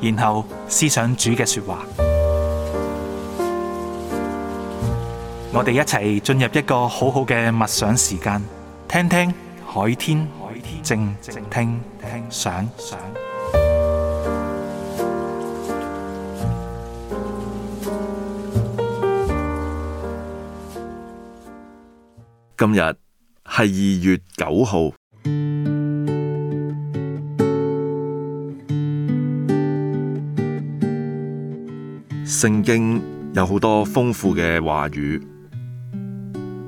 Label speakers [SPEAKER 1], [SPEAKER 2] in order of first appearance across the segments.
[SPEAKER 1] 然後思想主嘅說話，我哋一齊進入一個好好嘅默想時間，聽聽海天靜靜，聽聽想想。今日係二月九號。聖經有好多豐富嘅話語，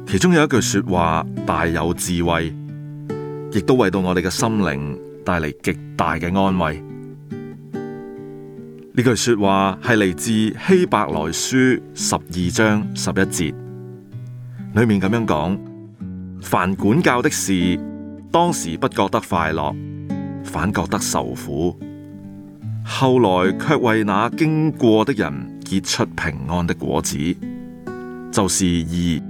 [SPEAKER 1] 其中有一句說話大有智慧，亦都為到我哋嘅心靈帶來極大嘅安慰。呢句說話係嚟自希伯來書十二章十一節，裏面咁樣講：凡管教的事，當時不覺得快樂，反覺得受苦。後來卻為那經過的人結出平安的果子，就是義。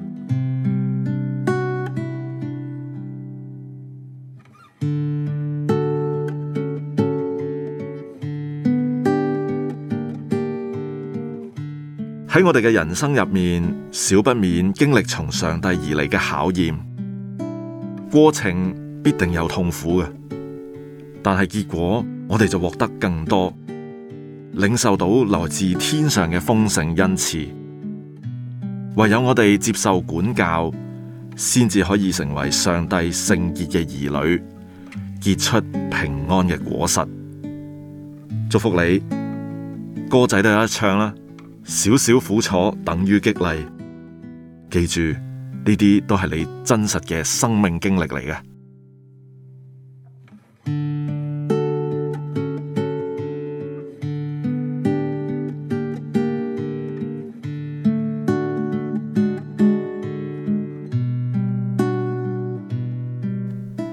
[SPEAKER 1] 喺我哋嘅人生入面，少不免經歷從上帝而嚟嘅考驗，過程必定有痛苦嘅，但係結果。我哋就獲得更多，領受到來自天上嘅豐盛恩賜。唯有我哋接受管教，先至可以成為上帝聖潔嘅兒女，結出平安嘅果實。祝福你，歌仔都有得唱啦。少少苦楚等於激勵。記住，呢啲都係你真實嘅生命經歷嚟嘅。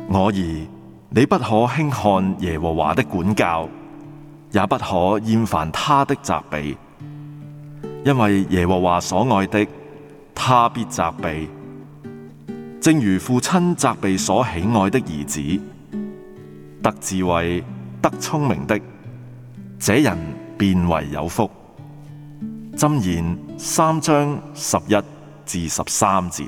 [SPEAKER 1] 我兒，你不可輕看耶和華的管教，也不可厭煩他的責備，因為耶和華所愛的，他必責備，正如父親責備所喜愛的兒子。得智慧、得聰明的，這人便為有福。箴言三章十一至十三節。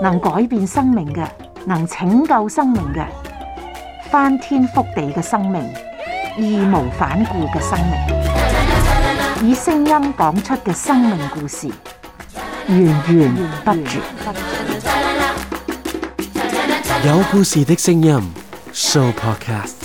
[SPEAKER 1] 能改變生命嘅，能拯救生命嘅，翻天覆地嘅生命，義無反顧嘅生命，以聲音講出嘅生命故事，源源不絕。有故事的聲音 Show Podcast。